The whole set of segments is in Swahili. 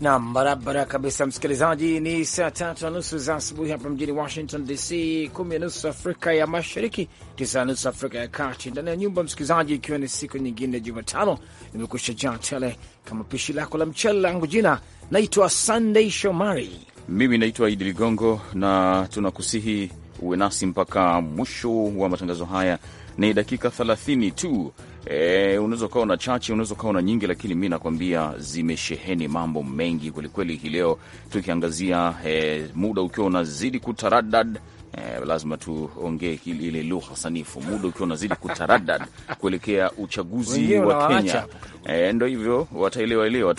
Nam, barabara kabisa, msikilizaji. Ni saa tatu na nusu za asubuhi hapa mjini Washington DC, kumi na nusu Afrika ya Mashariki, tisa na nusu Afrika ya Kati, ndani ya nyumba msikilizaji, ikiwa ni siku nyingine Jumatano imekusha jaa tele kama pishi lako la mchele. Langu jina naitwa Sunday Shomari, mimi naitwa Idi Ligongo, na tunakusihi uwe nasi mpaka mwisho wa matangazo haya. Ni dakika 30 tu E, unaweza kuwa na chache, unaweza kuwa na nyingi, lakini mi nakwambia zimesheheni mambo mengi kwelikweli hii leo tukiangazia e, muda ukiwa unazidi kutaradad Eh, lazima tuongee ile lugha sanifu, muda ukiwa unazidi kutaradad kuelekea uchaguzi wa Kenya. Eh, ndo hivyo wataelewa elewa,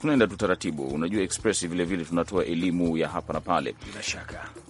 tunaenda tu taratibu. Unajua Express vilevile vile, tunatoa elimu ya hapa na pale.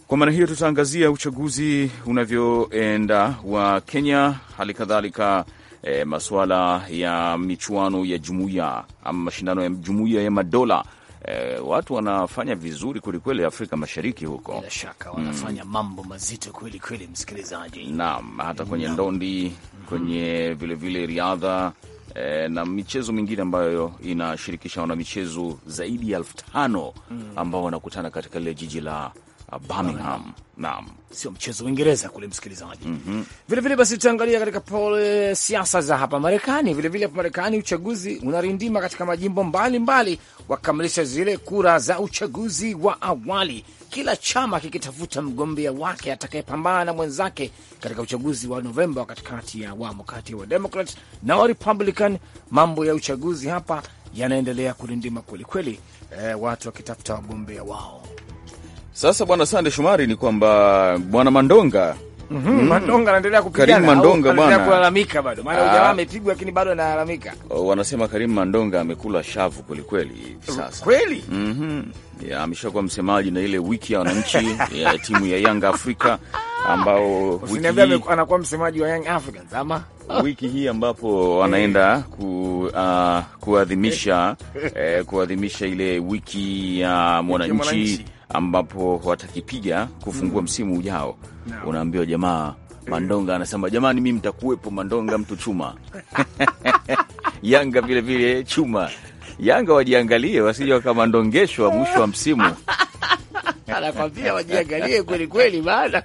Kwa maana hiyo tutaangazia uchaguzi unavyoenda wa Kenya, hali kadhalika e, masuala ya michuano ya jumuiya ama mashindano ya jumuiya ya madola. E, watu wanafanya vizuri kwelikweli Afrika Mashariki huko, bila shaka wanafanya mm, mambo mazito kwelikweli, msikilizaji. Naam, hata kwenye Naam, ndondi mm-hmm. kwenye vilevile vile riadha e, na michezo mingine ambayo inashirikisha wanamichezo zaidi ya elfu tano mm. ambao wanakutana katika lile jiji la Ah, Birmingham. Naam, sio mchezo Uingereza kule, msikilizaji. mm -hmm. Vile vile basi tutaangalia katika pole siasa za hapa Marekani. Vile vile hapa Marekani uchaguzi unarindima katika majimbo mbalimbali, wakamilisha zile kura za uchaguzi wa awali, kila chama kikitafuta mgombea wake atakayepambana na mwenzake katika uchaguzi wa Novemba wa katikati ya awamu kati ya Wademokrat na Warepublican. Mambo ya uchaguzi hapa yanaendelea kurindima kwelikweli, eh, watu wakitafuta wagombea wao. Sasa bwana Sande Shumari, ni kwamba bwana Mandonga mhm, Mm -hmm. Mandonga anaendelea kupigana. Karim Mandonga bwana bado. Maana ah. amepigwa lakini bado analalamika. Oh, wanasema Karim Mandonga amekula shavu kweli kweli sasa. Kweli? Mhm. Mm ameshakuwa msemaji na ile wiki ya wananchi ya timu ya Yanga Afrika ambao anakuwa msemaji wa Young Africans ama wiki hii ambapo wanaenda ku, uh, kuadhimisha eh, kuadhimisha ile wiki ya uh, mwananchi ambapo watakipiga kufungua mm. msimu ujao no. Unaambiwa jamaa eh. Mandonga anasema jamani, mimi mtakuwepo. Mandonga mtu chuma Yanga vilevile chuma. Yanga wajiangalie wasije wakamandongeshwa mwisho wa msimu anakwambia wajiangalie kwelikweli, maana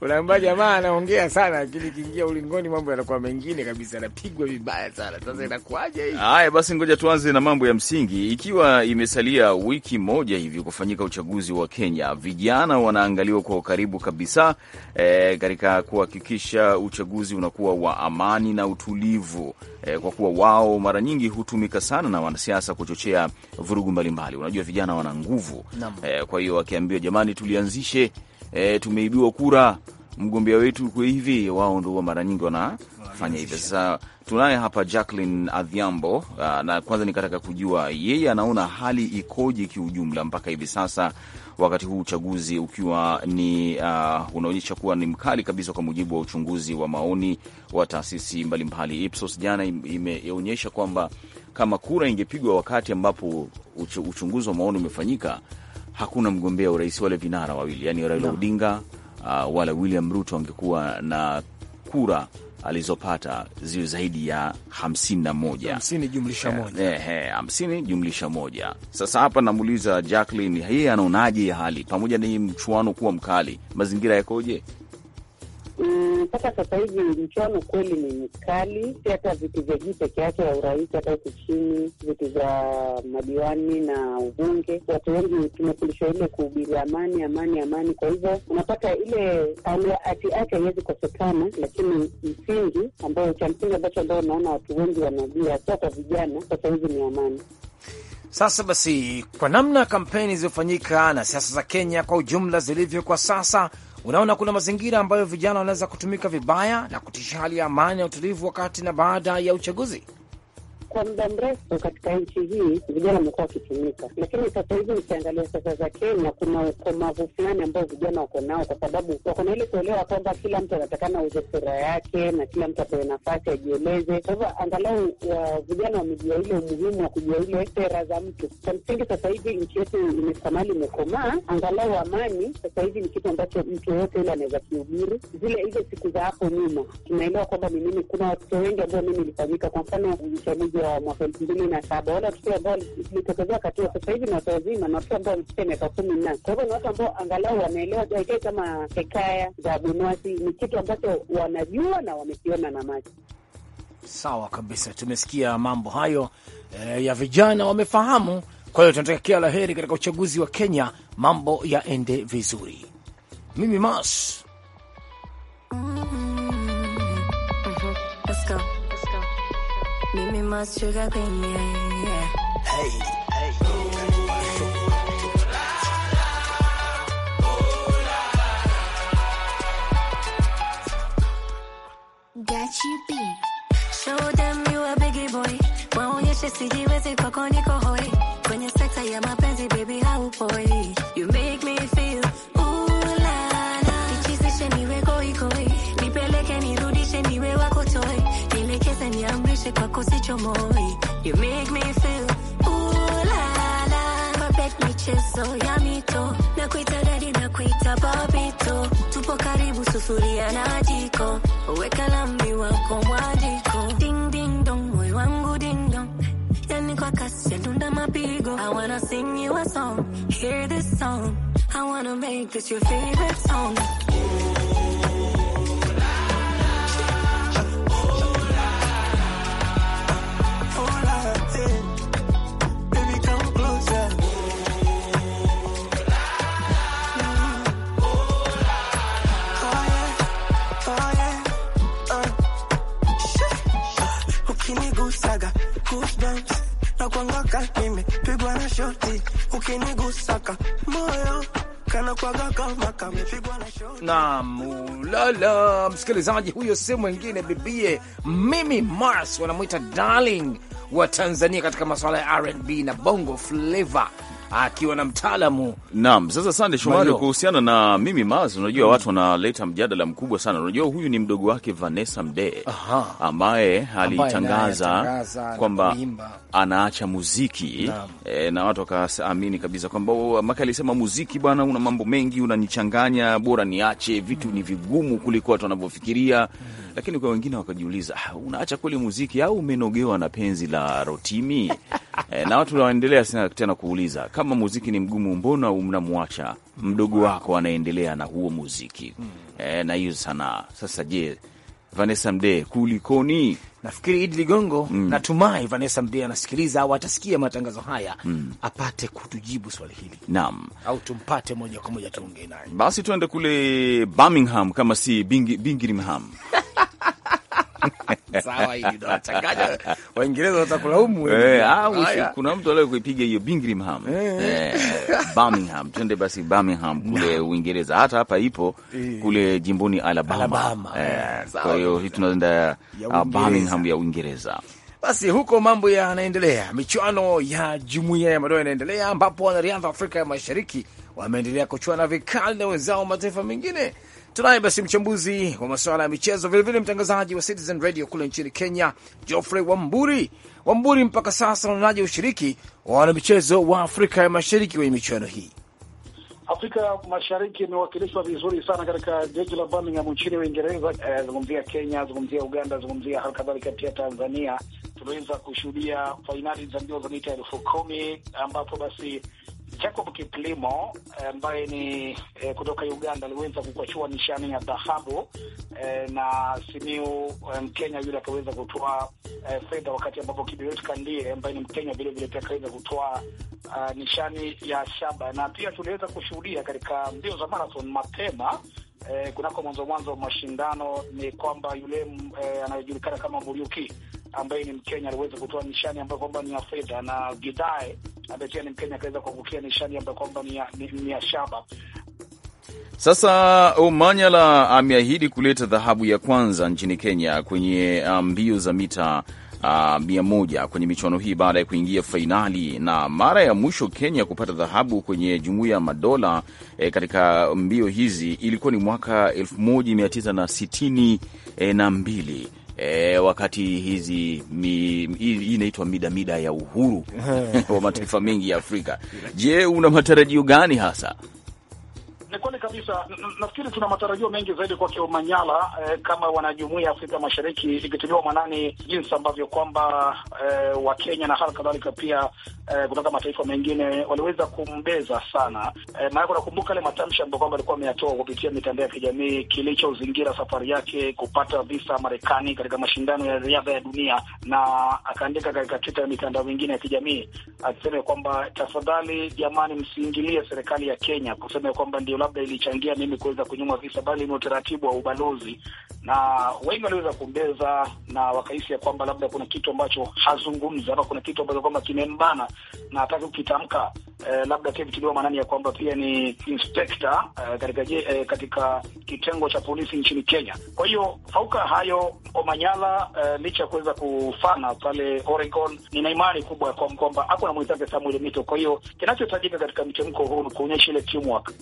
unaambia jamaa anaongea sana, lakini kiingia ulingoni mambo yanakuwa mengine kabisa, anapigwa vibaya sana. Sasa inakuwaje hii? Haya basi, ngoja tuanze na mambo ya msingi. Ikiwa imesalia wiki moja hivi kufanyika uchaguzi wa Kenya, vijana wanaangaliwa kwa ukaribu kabisa e, katika kuhakikisha uchaguzi unakuwa wa amani na utulivu e, kwa kuwa wao mara nyingi hutumika sana na wanasiasa kuchochea vurugu mbalimbali. Unajua vijana wana nguvu e, kwa hiyo wakiambiwa jamani, tulianzishe e, tumeibiwa kura mgombea wetu kwa hivi, wao ndo mara nyingi wanafanya hivyo. Sasa tunaye hapa Jacqueline Adhiambo, na kwanza nikataka kujua yeye anaona hali ikoje kiujumla mpaka hivi sasa, wakati huu uchaguzi ukiwa ni uh, unaonyesha kuwa ni mkali kabisa, kwa mujibu wa uchunguzi wa maoni wa taasisi mbalimbali. Ipsos jana imeonyesha kwamba kama kura ingepigwa wakati ambapo uchunguzi wa maoni umefanyika hakuna mgombea urais wale vinara wawili, yani Raila no. Odinga uh, wala William Ruto angekuwa na kura alizopata ziwe zaidi ya hamsini na moja hamsini jumlisha eh, moja, eh, eh, hamsini jumlisha moja. Sasa hapa namuuliza Jacqueline, yeye anaonaje hali pamoja na hii mchuano kuwa mkali, mazingira yakoje? Mm, mpaka mm, sasa hivi mchuano kweli ni mkali, si hata viti vya juu peke yake ya urais, hata huku chini viti vya madiwani na ubunge, watu wengi tumefundishwa ile kuhubiri amani, amani, amani. Kwa hivyo unapata ile ati yake haiwezi kosekana, lakini msingi ambao cha msingi ambacho ambao unaona watu wengi wanajua hasa kwa vijana sasa hivi ni amani. Sasa basi, kwa namna kampeni zilizofanyika na siasa za Kenya kwa ujumla zilivyo kwa sasa Unaona, kuna mazingira ambayo vijana wanaweza kutumika vibaya na kutisha hali ya amani na utulivu wakati na baada ya uchaguzi kwa muda mrefu katika nchi hii vijana wamekuwa wakitumika, lakini sasa hivi ukiangalia sasa za Kenya kuna ukomavu fulani ambao vijana wako nao, kwa sababu wako na ile kuelewa kwamba kila mtu anatakana auze sura yake na kila mtu apewe nafasi ajieleze. Kwa hivyo angalau uh, vijana wamejua ile umuhimu wa kujua ile sera za mtu. Kwa msingi, sasa hivi nchi yetu imesamali imekomaa, angalau amani sasa hivi ni kitu ambacho mtu yoyote ule anaweza kihubiri. Zile hizo siku za hapo nyuma tunaelewa kwamba ni nini. Kuna watoto wengi ambao mimi ilifanyika, kwa mfano uchaguzi wa mwaka elfu mbili na saba wale watoto ambao litokezea katika sasa hivi ni watu wazima na watoto ambao wamefikia miaka kumi na. Kwa hivyo ni watu ambao angalau wameelewa haikai kama hekaya za bunwasi ni kitu ambacho wanajua na wamekiona na macho. Sawa kabisa, tumesikia mambo hayo e, ya vijana wamefahamu. Kwa hiyo tunataka kila la heri katika uchaguzi wa Kenya, mambo yaende vizuri. Mimi mas my sugar bean, yeah, yeah. hey. Got you beat. Show them you a biggie boy. Waonyeshe sijiwezi kwako niko hoi. Kwenye sekta ya mapenzi baby haupoi. You mawazo ya mito na kuita dadi na kuita babito, tupo karibu sufuria na jiko, weka lami wako mwajiko, ding ding dong, moyo wangu ding dong, yani kwa kasi dunda mapigo. I wanna sing you a song, hear this song, I wanna make this your favorite song Kana kwangaka nimepigwa na shoti, ukinigusaka moyo Naam, msikilizaji, huyo si mwingine bibie Mimi Mars, wanamwita darling wa Tanzania katika masuala ya R&B na bongo flavor akiwa na mtaalamu naam. Sasa sande Shomari, kuhusiana na Mimi Maz, unajua mm, watu wanaleta mjadala mkubwa sana. Unajua huyu ni mdogo wake Vanessa Mdee ambaye alitangaza kwamba anaacha muziki e, na watu wakaamini kabisa kwamba oh, maka alisema muziki bwana, una mambo mengi, unanichanganya, bora niache, vitu mm. ni vigumu kuliko watu wanavyofikiria mm. Lakini kwa wengine wakajiuliza, ah, unaacha kweli muziki au umenogewa na penzi la Rotimi? E, na watu waendelea tena kuuliza kama muziki ni mgumu, mbona mnamwacha mdogo wako anaendelea na huo muziki mm. eh, na hiyo sanaa sasa. Je, Vanessa Mdee kulikoni? Nafikiri Idi Ligongo mm. natumai Vanessa Mdee anasikiliza au atasikia matangazo haya mm. apate kutujibu swali hili naam, au tumpate moja kwa moja tuongee naye. Basi tuende kule Birmingham, kama si Birmingham Sawa, hili ndo nachanganya. Waingereza watakulaumu. Eh, ah, kuna mtu aliye kuipiga hiyo Birmingham, eh. eh, Birmingham. Twende basi Birmingham kule Uingereza, hata hapa ipo kule jimboni Alabama. Kwa hiyo hii tunaenda ah, Birmingham ya Uingereza. Basi huko mambo yanaendelea, michuano ya jumuiya ya madola inaendelea, ambapo wanariadha wa Afrika ya Mashariki wameendelea kuchuana vikali na wenzao mataifa mengine Tunaye basi mchambuzi wa masuala ya michezo, vilevile mtangazaji wa Citizen Radio kule nchini Kenya, Geoffrey Wamburi. Wamburi, mpaka sasa unaonaje ushiriki wa wanamichezo wa Afrika ya Mashariki kwenye michuano hii? Afrika ya Mashariki imewakilishwa vizuri sana katika jiji la Birmingham nchini Uingereza. Azungumzia eh, zungumzia Kenya, zungumzia Uganda, zungumzia hali kadhalika pia Tanzania. Tunaweza kushuhudia fainali za mbio za mita elfu kumi ambapo basi Jacob Kiplimo ambaye ni eh, kutoka Uganda aliweza kukwachua nishani ya dhahabu eh, na Simiu eh, Mkenya yule akaweza kutoa eh, fedha, wakati ambapo Kibiwet Kandie ambaye ni Mkenya vile vile pia akaweza kutoa uh, nishani ya shaba, na pia tuliweza kushuhudia katika mbio za marathon mapema eh, kunako mwanzo mwanzo wa mashindano ni kwamba yule eh, anayejulikana kama Muriuki ambaye ni Mkenya aliweza kutoa nishani ambayo kwamba ni ya fedha na Gidae na pia ni Mkenya akaweza kuangukia nishani ambayo kwamba ni ya shaba. Sasa Omanyala ameahidi kuleta dhahabu ya kwanza nchini Kenya kwenye uh, mbio za mita Uh, mia moja kwenye michuano hii baada ya kuingia fainali na mara ya mwisho Kenya kupata dhahabu kwenye jumuiya ya madola eh, katika mbio hizi ilikuwa ni mwaka elfu moja mia tisa na sitini eh, na mbili e, wakati hizi mi, hii inaitwa mida mida ya uhuru wa mataifa mengi ya Afrika. Je, una matarajio gani hasa ni kweli kabisa. Nafikiri tuna matarajio mengi zaidi kwake Omanyala eh, kama wanajumuia ya Afrika Mashariki, ikitiliwa mwanani jinsi ambavyo kwamba eh, Wakenya na hali kadhalika pia eh, kutoka mataifa mengine waliweza kumbeza sana eh, maana nakumbuka yale matamshi ambayo kwamba alikuwa ameyatoa kupitia mitandao ya kijamii kilichozingira safari yake kupata visa Marekani katika mashindano ya riadha ya dunia, na akaandika katika Twitter ya mitandao mingine ya kijamii akisema kwamba tafadhali, jamani, msiingilie serikali ya Kenya kusema kwamba ndio labda ilichangia mimi kuweza kunyimwa visa, bali ni utaratibu wa ubalozi, na wengi waliweza kumbeza na wakahisi ya kwamba labda kuna kitu ambacho hazungumzi ama kuna kitu ambacho kwamba kimembana na hataki kukitamka. Eh, labda pia vitiliwa maanani ya kwamba pia ni inspekta eh, katika, eh, katika kitengo cha polisi nchini Kenya. Kwa hiyo fauka hayo Omanyala eh, licha ya kuweza kufana pale Oregon, nina imani kubwa kwamba ako na mwenzake Samuel Mito. Kwa hiyo kinachotajika katika mchemko huu ni kuonyesha ile teamwork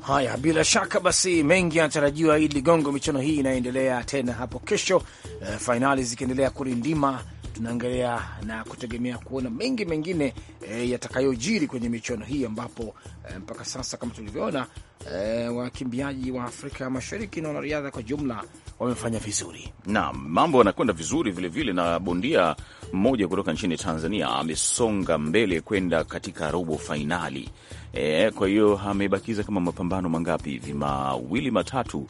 Haya, bila shaka basi mengi yanatarajiwa. Idi Ligongo, michuano hii inaendelea tena hapo kesho, uh, eh, fainali zikiendelea kurindima tunaangalia na kutegemea kuona mengi mengine e, yatakayojiri kwenye michuano hii ambapo e, mpaka sasa kama tulivyoona e, wakimbiaji wa Afrika Mashariki na wanariadha kwa jumla wamefanya vizuri na mambo yanakwenda vizuri vilevile vile, na bondia mmoja kutoka nchini Tanzania amesonga mbele kwenda katika robo fainali e, kwa hiyo amebakiza kama mapambano mangapi hivi mawili matatu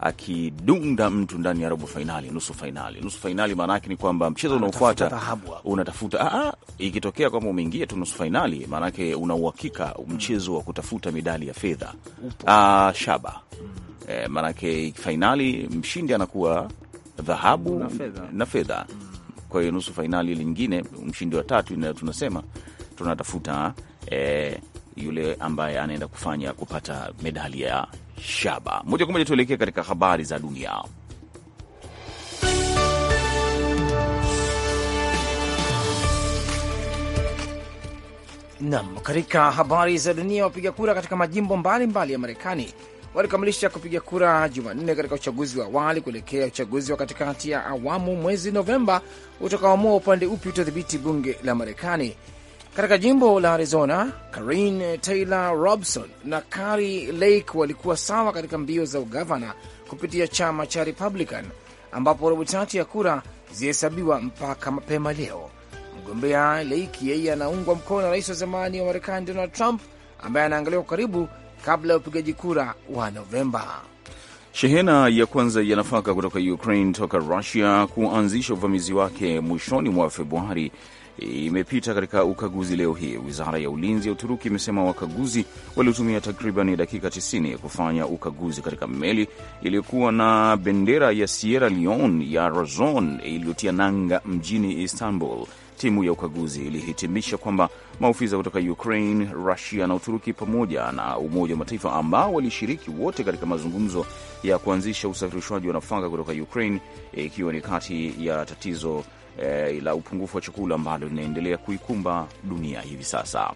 akidunda mtu ndani ya robo fainali, nusu fainali. Nusu fainali maana yake ni kwamba mchezo ah, unaofuata unatafuta ah, ah, ikitokea kwamba umeingia tu nusu fainali, maana yake una uhakika mchezo wa kutafuta midali ya fedha ah, shaba eh, maanake fainali mshindi anakuwa dhahabu na fedha. Kwa hiyo nusu fainali lingine, mshindi wa tatu na tunasema tunatafuta eh, yule ambaye anaenda kufanya kupata medali ya Shaba. Moja kwa moja tuelekee katika habari za dunia. Nam, katika habari za dunia, wapiga kura katika majimbo mbalimbali mbali ya Marekani walikamilisha kupiga kura Jumanne katika uchaguzi wa awali kuelekea uchaguzi wa katikati ya awamu mwezi Novemba utakaoamua upande upi utadhibiti bunge la Marekani katika jimbo la Arizona, karin Taylor Robson na Kari Lake walikuwa sawa katika mbio za ugavana kupitia chama cha Republican, ambapo robo tatu ya kura zilihesabiwa mpaka mapema leo. Mgombea Lake yeye anaungwa mkono na rais wa zamani wa Marekani Donald Trump ambaye anaangaliwa kwa karibu kabla ya upigaji kura wa Novemba. Shehena ya kwanza ya nafaka kutoka Ukraine toka rusia kuanzisha uvamizi wake mwishoni mwa Februari imepita katika ukaguzi leo hii. Wizara ya ulinzi ya Uturuki imesema wakaguzi waliotumia takriban dakika 90 kufanya ukaguzi katika meli iliyokuwa na bendera ya Sierra Leone ya Razon iliyotia nanga mjini Istanbul. Timu ya ukaguzi ilihitimisha kwamba maofisa kutoka Ukraine, Rusia na Uturuki pamoja na Umoja wa Mataifa ambao walishiriki wote katika mazungumzo ya kuanzisha usafirishwaji wa nafaka kutoka Ukraine, ikiwa ni kati ya tatizo eh, la upungufu wa chakula ambalo linaendelea kuikumba dunia hivi sasa.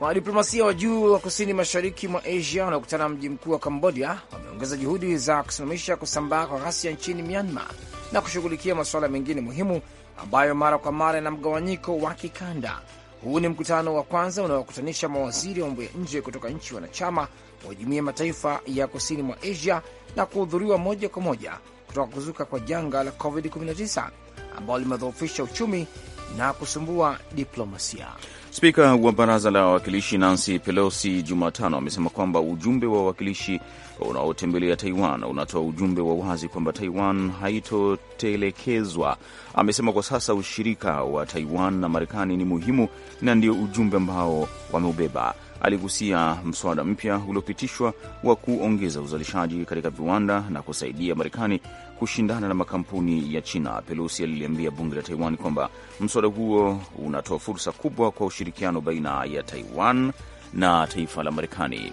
wadiplomasia wa juu wa kusini mashariki mwa Asia wanaokutana mji mkuu wa Kambodia wameongeza juhudi za kusimamisha kusambaa kwa ghasia nchini Myanmar na kushughulikia masuala mengine muhimu ambayo mara kwa mara yana mgawanyiko wa kikanda. Huu ni mkutano wa kwanza unaokutanisha mawaziri wa mambo ya nje kutoka nchi wanachama wa Jumuiya ya Mataifa ya kusini mwa Asia na kuhudhuriwa moja kwa moja kutoka kuzuka kwa janga la COVID-19 ambao limedhoofisha uchumi na kusumbua diplomasia. Spika wa baraza la wawakilishi Nancy Pelosi Jumatano amesema kwamba ujumbe wa wawakilishi unaotembelea Taiwan unatoa ujumbe wa wazi kwamba Taiwan haitotelekezwa. Amesema kwa sasa ushirika wa Taiwan na Marekani ni muhimu na ndio ujumbe ambao wameubeba. Aligusia mswada mpya uliopitishwa wa kuongeza uzalishaji katika viwanda na kusaidia Marekani kushindana na makampuni ya China. Pelosi aliliambia bunge la Taiwan kwamba mswada huo unatoa fursa kubwa kwa ushirikiano baina ya Taiwan na taifa la Marekani.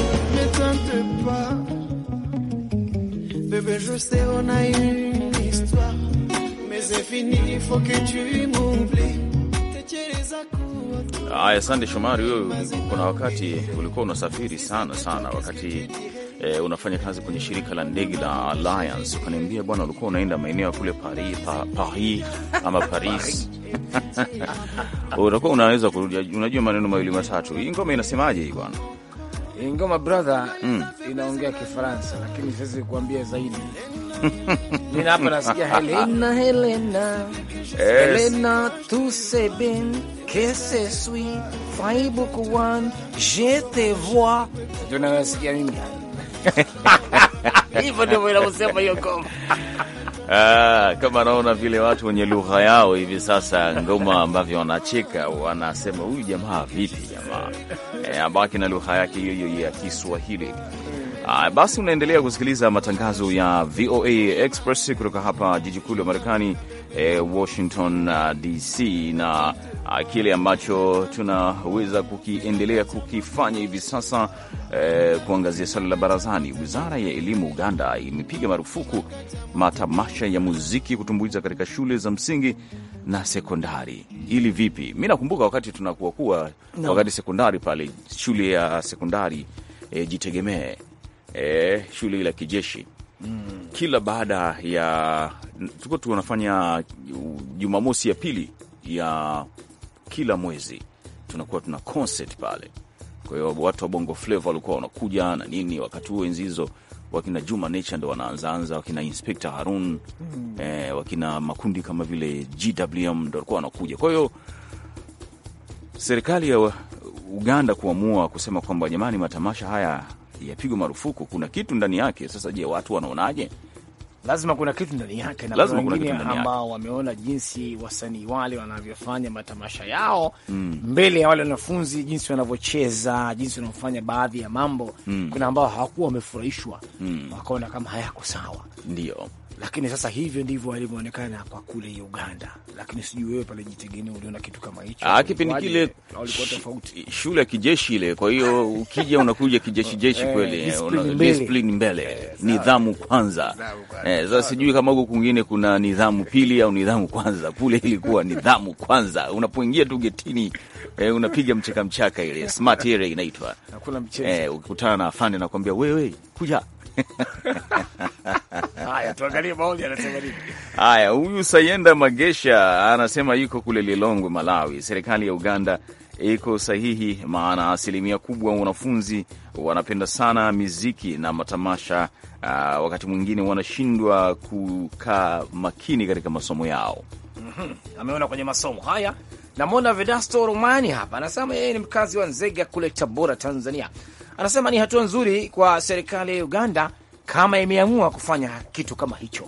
bébé, je sais, on a une histoire. Mais c'est fini, faut que tu m'oublies. Aya, sande Shomari, wewe kuna wakati ulikuwa unasafiri sana sana, wakati e, unafanya kazi kwenye shirika la ndege la Alliance, ukaniambia bwana, ulikuwa unaenda maeneo ya kule Paris, pa, Paris ama Paris utakuwa unaweza kurudi. Unajua maneno mawili matatu, hii ngoma inasemaje hii bwana? ingoma brother mm. inaongea Kifaransa lakini siwezi kuambia zaidi. Mimi hapa nasikia Helena Helena yes. Helena tu seben kese sui faibu kuwan je te vois. Ndio nasikia mimi. Hivyo ndio inavyosema hiyo ngoma. Ah, kama naona vile watu wenye lugha yao hivi sasa ngoma ambavyo wanacheka wanasema huyu jamaa vipi jamaa, e, abaki na lugha yake hiyo hiyo ya Kiswahili. Ah, basi unaendelea kusikiliza matangazo ya VOA Express kutoka hapa jiji kuu la Marekani e, Washington uh, DC na uh, kile ambacho tunaweza kukiendelea kukifanya hivi sasa eh, kuangazia swala la barazani. Wizara ya elimu Uganda imepiga marufuku matamasha ya muziki kutumbuiza katika shule za msingi na sekondari. Ili vipi? Mi nakumbuka wakati tunakuwa kuwa no. wakati sekondari pale shule ya sekondari e, Jitegemee e, shule ile ya kijeshi mm. Kila baada ya tuko tunafanya Jumamosi ya pili ya kila mwezi tunakuwa tuna concert pale. Kwa hiyo watu wa Bongo Flava walikuwa wanakuja na nini, wakati huo enzi hizo wakina Juma Nature ndo wanaanzaanza, wakina Inspector Harun mm. eh, wakina makundi kama vile GWM ndo walikuwa wanakuja. Kwa hiyo serikali ya Uganda kuamua kusema kwamba jamani, matamasha haya yapigwa marufuku, kuna kitu ndani yake. Sasa je, watu wanaonaje? Lazima kuna kitu ndani yake, na kuna wengine ambao wameona jinsi wasanii wale wanavyofanya matamasha yao mm. mbele ya wale wanafunzi, jinsi wanavyocheza, jinsi wanavyofanya baadhi ya mambo mm. kuna ambao hawakuwa wamefurahishwa mm. wakaona kama hayako sawa, ndio lakini sasa hivyo ndivyo alivyoonekana kwa kule Uganda. Lakini sijui wewe pale Jitegemea uliona kitu kama hicho? Ah, kipindi kile walikuwa tofauti, shule ya kijeshi ile. Kwa hiyo ukija unakuja kijeshi jeshi eh, kweli, eh, discipline mbele, eh, nidhamu kwanza. Sasa sijui kama huko kwingine kuna nidhamu pili au nidhamu kwanza. Kule ilikuwa nidhamu kwanza, unapoingia tu getini eh, unapiga mchaka mchaka, ile smart area inaitwa eh, ukikutana na afande nakwambia wewe kuja Haya, tuangalie maoni anasema nini. Haya, huyu Sayenda Magesha anasema yuko kule Lilongwe, Malawi. Serikali ya Uganda iko sahihi, maana asilimia kubwa wanafunzi wanapenda sana miziki na matamasha. Uh, wakati mwingine wanashindwa kukaa makini katika masomo yao. Mm -hmm. Ameona kwenye masomo haya Namwona Vedasto Romani hapa anasema yeye ni mkazi wa Nzega kule Tabora, Tanzania. Anasema ni hatua nzuri kwa serikali ya Uganda kama imeamua kufanya kitu kama hicho.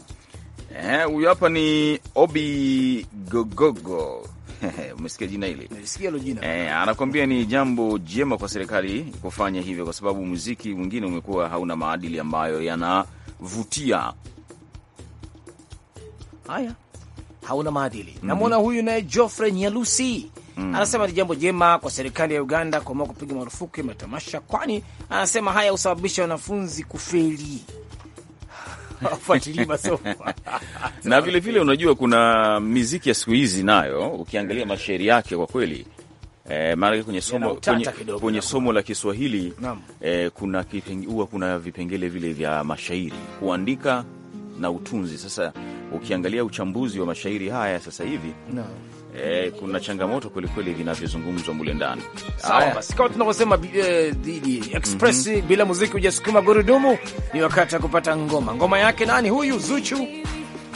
Eh, huyu hapa ni Obi Gogogo. Umesikia jina hili eh? Anakuambia ni jambo jema kwa serikali kufanya hivyo, kwa sababu muziki mwingine umekuwa hauna maadili ambayo yanavutia. Haya, hauna maadili. mm -hmm. Namwona huyu naye Geoffrey Nyalusi mm. anasema ni jambo jema kwa serikali ya Uganda kuamua kupiga marufuku ya matamasha, kwani anasema haya husababisha wanafunzi kufeli na vile vile unajua, kuna miziki ya siku hizi nayo ukiangalia mashairi yake kwa kweli E, eh, maanake kwenye somo, kwenye, kwenye somo la Kiswahili e, kuna huwa kuna vipengele vile vya mashairi kuandika na utunzi. Sasa ukiangalia uchambuzi wa mashairi haya sasa hivi no. E, kuna changamoto kwelikweli vinavyozungumzwa mule ndani. Sawa basi, kama tunavyosema eh, express mm -hmm. Bila muziki hujasukuma gurudumu. Ni wakati wa kupata ngoma. Ngoma yake nani huyu? Zuchu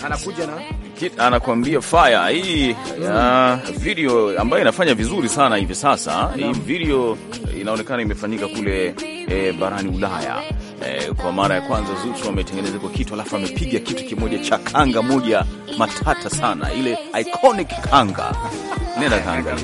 anakuja na Kit, anakuambia fire hii Uh, video ambayo inafanya vizuri sana hivi sasa. Hii video inaonekana imefanyika kule eh, barani Ulaya eh, kwa mara ya kwanza Zuchu ametengeneza kwa kitu alafu amepiga kitu kimoja cha kanga moja matata sana, ile iconic kanga. Nenda kanga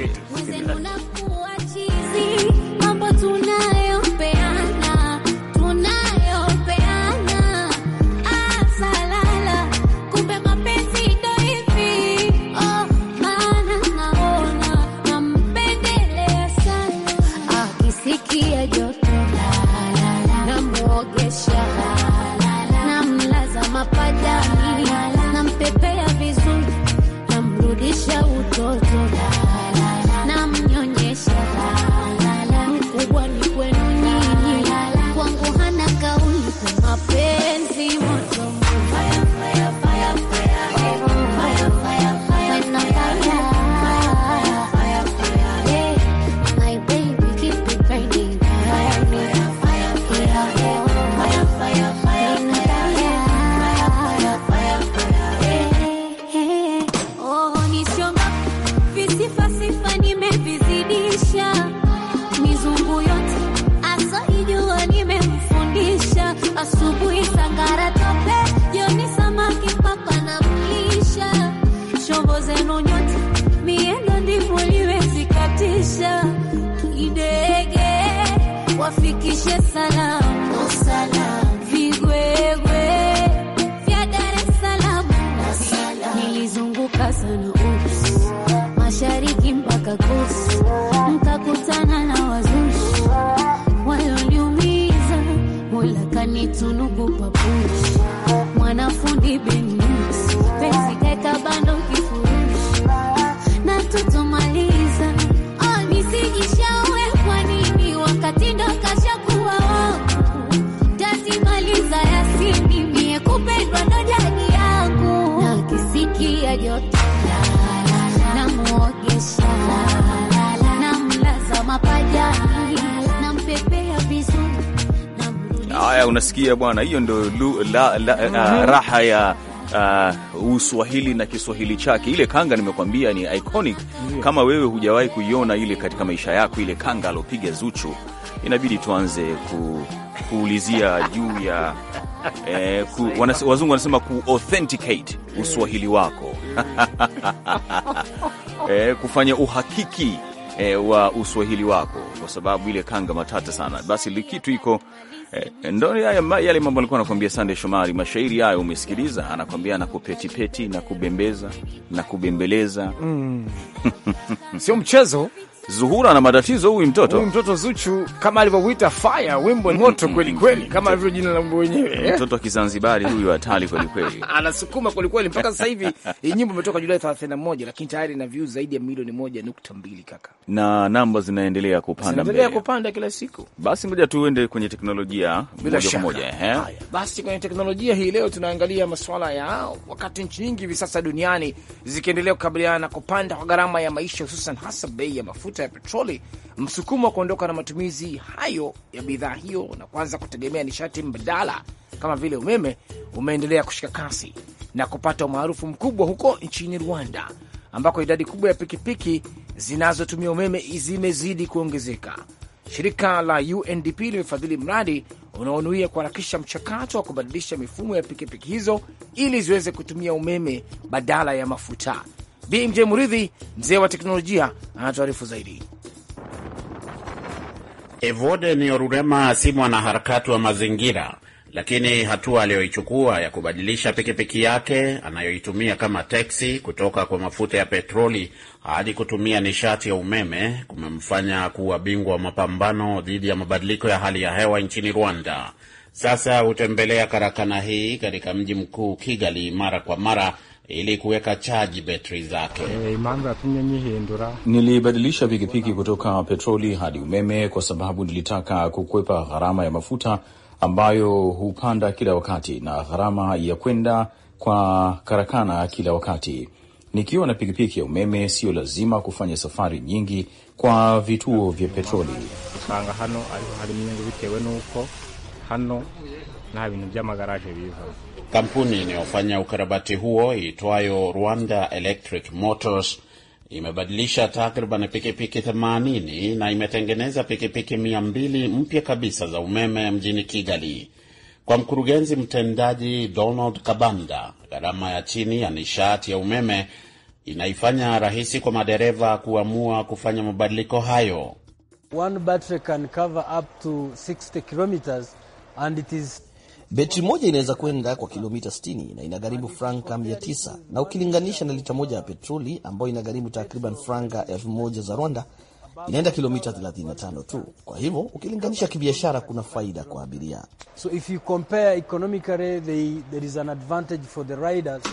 Haya, unasikia bwana, hiyo ndo mhm. ah, raha ya Uh, Uswahili na Kiswahili chake. Ile kanga nimekwambia ni iconic yeah. Kama wewe hujawahi kuiona ile katika maisha yako, ile kanga alopiga Zuchu, inabidi tuanze ku, kuulizia juu ya eh, ku, wanas, wazungu wanasema ku authenticate uswahili wako eh, kufanya uhakiki eh, wa uswahili wako, kwa sababu ile kanga matata sana. Basi likitu iko eh, ndo yale mambo alikuwa anakuambia Sande Shomari. Mashairi hayo umesikiliza, anakuambia na kupetipeti na kubembeza na kubembeleza mm. sio mchezo Zuhura na matatizo huyu mtoto. Huyu mtoto Zuchu kama alivyouita fire, wimbo ni moto mm-hmm. kweli kweli kama alivyo jina la wimbo wenyewe. Mtoto wa Kizanzibari huyu hatari kweli kweli. Anasukuma kweli kweli mpaka sasa hivi hii nyimbo imetoka Julai 31 lakini tayari ina views zaidi ya milioni 1.2 kaka. Na namba zinaendelea kupanda mbele. Zinaendelea kupanda kila siku. Basi ngoja tuende kwenye teknolojia moja kwa moja, eh. Basi kwenye teknolojia hii leo tunaangalia masuala ya wakati nchi nyingi hivi sasa duniani zikiendelea kukabiliana na kupanda kwa gharama ya maisha hususan hasa bei ya mafuta mafuta ya petroli msukumo wa kuondoka na matumizi hayo ya bidhaa hiyo na kuanza kutegemea nishati mbadala kama vile umeme umeendelea kushika kasi na kupata umaarufu mkubwa huko nchini Rwanda ambako idadi kubwa ya pikipiki zinazotumia umeme zimezidi kuongezeka. Shirika la UNDP limefadhili mradi unaonuia kuharakisha mchakato wa kubadilisha mifumo ya pikipiki hizo ili ziweze kutumia umeme badala ya mafuta. BMJ Muridhi, mzee wa teknolojia, anatuarifu zaidi. Evode Niorurema si mwanaharakati wa mazingira, lakini hatua aliyoichukua ya kubadilisha pikipiki yake anayoitumia kama teksi kutoka kwa mafuta ya petroli hadi kutumia nishati ya umeme kumemfanya kuwa bingwa wa mapambano dhidi ya mabadiliko ya hali ya hewa nchini Rwanda. Sasa hutembelea karakana hii katika mji mkuu Kigali mara kwa mara ili kuweka chaji betri zake. Eh, Nilibadilisha pikipiki kutoka petroli hadi umeme kwa sababu nilitaka kukwepa gharama ya mafuta ambayo hupanda kila wakati na gharama ya kwenda kwa karakana kila wakati. Nikiwa na pikipiki ya umeme, siyo lazima kufanya safari nyingi kwa vituo vya petroli. hano hano nta bintu by'amagaraje Kampuni inayofanya ukarabati huo iitwayo Rwanda Electric Motors imebadilisha takriban pikipiki 80 na imetengeneza pikipiki 200 mpya kabisa za umeme mjini Kigali. Kwa mkurugenzi mtendaji Donald Kabanda, gharama ya chini ya nishati ya umeme inaifanya rahisi kwa madereva kuamua kufanya mabadiliko hayo. One battery can cover up to 60 kilometers and it is Betri moja inaweza kwenda kwa kilomita 60 na inagharimu franka 900 na ukilinganisha na lita moja ya petroli ambayo inagharimu takriban franka 1000 za Rwanda, inaenda kilomita 35 tu. Kwa hivyo ukilinganisha kibiashara, kuna faida kwa abiria. So if you compare economically, there is an advantage for the riders.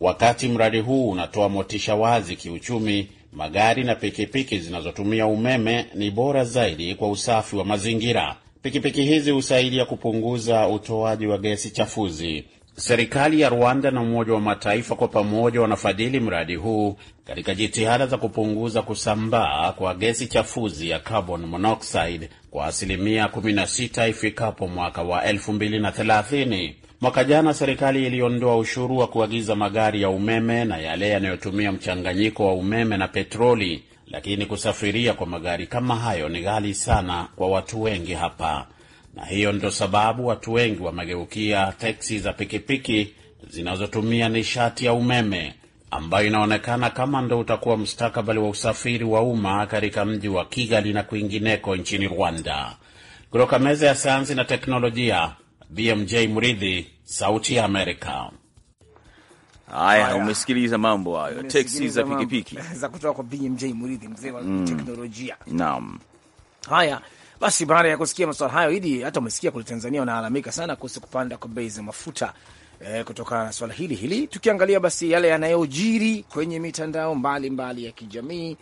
Wakati mradi huu unatoa motisha wazi kiuchumi, magari na pikipiki zinazotumia umeme ni bora zaidi kwa usafi wa mazingira. Pikipiki hizi husaidia kupunguza utoaji wa gesi chafuzi. Serikali ya Rwanda na Umoja wa Mataifa kwa pamoja wanafadhili mradi huu katika jitihada za kupunguza kusambaa kwa gesi chafuzi ya carbon monoxide kwa asilimia 16 ifikapo mwaka wa 2030. Mwaka jana serikali iliondoa ushuru wa kuagiza magari ya umeme na yale yanayotumia mchanganyiko wa umeme na petroli lakini kusafiria kwa magari kama hayo ni ghali sana kwa watu wengi hapa, na hiyo ndio sababu watu wengi wamegeukia teksi za pikipiki zinazotumia nishati ya umeme ambayo inaonekana kama ndo utakuwa mstakabali wa usafiri wa umma katika mji wa Kigali na kwingineko nchini Rwanda. Kutoka meza ya sayansi na teknolojia, BMJ Mridhi, Sauti ya Amerika. Haya, umesikiliza mambo hayo, teksi za pikipiki za kutoka kwa BMJ Muridhi, mzee wa mm. teknolojia. Naam, haya basi, baada ya kusikia maswala hayo, Idi, hata umesikia kule Tanzania wanaalamika sana kuhusu kupanda kwa bei za mafuta. E, eh, kutokana na swala hili hili, tukiangalia basi yale yanayojiri kwenye mitandao mbalimbali mbali ya kijamii,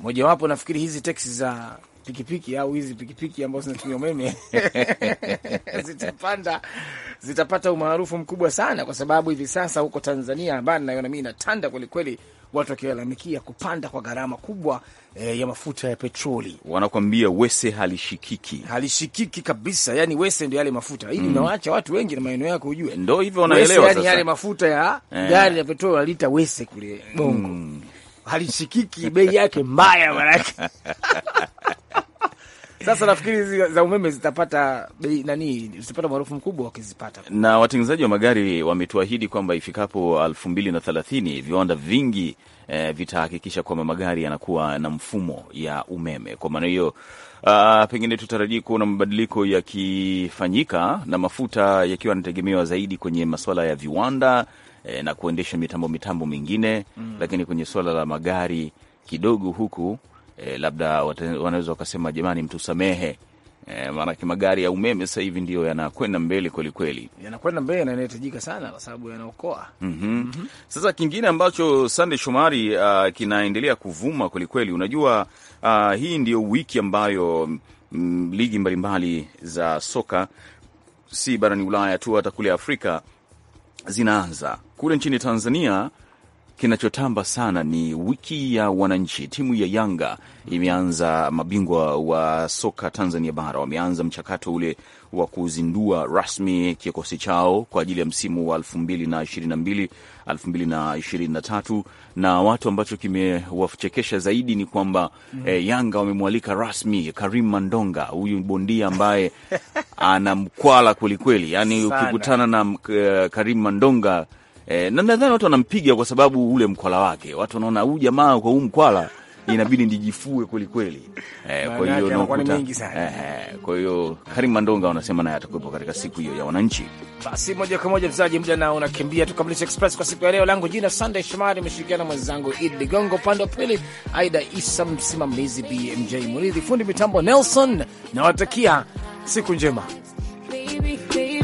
mojawapo nafikiri hizi teksi za pikipiki au hizi pikipiki ambazo zinatumia umeme zitapanda, zitapata umaarufu mkubwa sana, kwa sababu hivi sasa huko Tanzania ambayo naiona mimi inatanda kwelikweli, watu wakilalamikia kupanda kwa gharama kubwa e, ya mafuta ya petroli, wanakwambia wese halishikiki, halishikiki kabisa. Yani wese ndio yale mafuta ili unawaacha mm. watu wengi na maeneo yako ujue, ndio hivyo wanaelewa sasa, yani yale mafuta ya eh. gari ya petroli alita wese kule mm. Bongo mm halishikiki, bei yake mbaya manake Sasa nafikiri za umeme zitapata bei nani, zitapata umaarufu mkubwa wakizipata. Na watengenezaji wa magari wametuahidi kwamba ifikapo elfu mbili na thelathini viwanda vingi e, vitahakikisha kwamba magari yanakuwa na mfumo ya umeme. Kwa maana hiyo, ah, pengine tutarajii kuona mabadiliko yakifanyika na mafuta yakiwa yanategemewa zaidi kwenye masuala ya viwanda e, na kuendesha mitambo mitambo mingine mm. Lakini kwenye suala la magari kidogo huku e, labda wanaweza wakasema jamani, mtusamehe e, maanake magari ya umeme sasa hivi yanakwenda mbele kwelikweli, yanakwenda mbele na yanahitajika sana kwa sababu yanaokoa. mm -hmm. mm -hmm. Sasa kingine ambacho Sande Shomari uh, kinaendelea kuvuma kwelikweli, unajua uh, hii ndio wiki ambayo m, mm, ligi mbalimbali za soka si barani Ulaya tu hata kule Afrika zinaanza kule nchini Tanzania kinachotamba sana ni wiki ya wananchi. Timu ya Yanga imeanza, mabingwa wa soka Tanzania bara wameanza mchakato ule wa kuzindua rasmi kikosi chao kwa ajili ya msimu wa 2022 2023, na watu ambacho kimewachekesha zaidi ni kwamba mm -hmm. eh, Yanga wamemwalika rasmi Karim Mandonga, huyu bondia ambaye ana mkwala kwelikweli, yani ukikutana na uh, Karim Mandonga E, na nadhani watu wanampiga kwa sababu ule mkwala wake, watu wanaona huyu jamaa kwa huu mkwala inabidi ndijifue kweli kweli. E, kwa hiyo nakuta eh, eh, kwa hiyo Karim Mandonga wanasema naye atakuwepo katika siku hiyo ya wananchi. Basi moja kwa moja mzaji, muda nao unakimbia, tukamilishe express kwa siku ya leo. Langu jina Sunday Shomari, nimeshirikiana mwenzangu Idi Ligongo, upande wa pili Aida Isa, msimamizi BMJ Muridhi, fundi mitambo Nelson, nawatakia siku njema. baby, baby.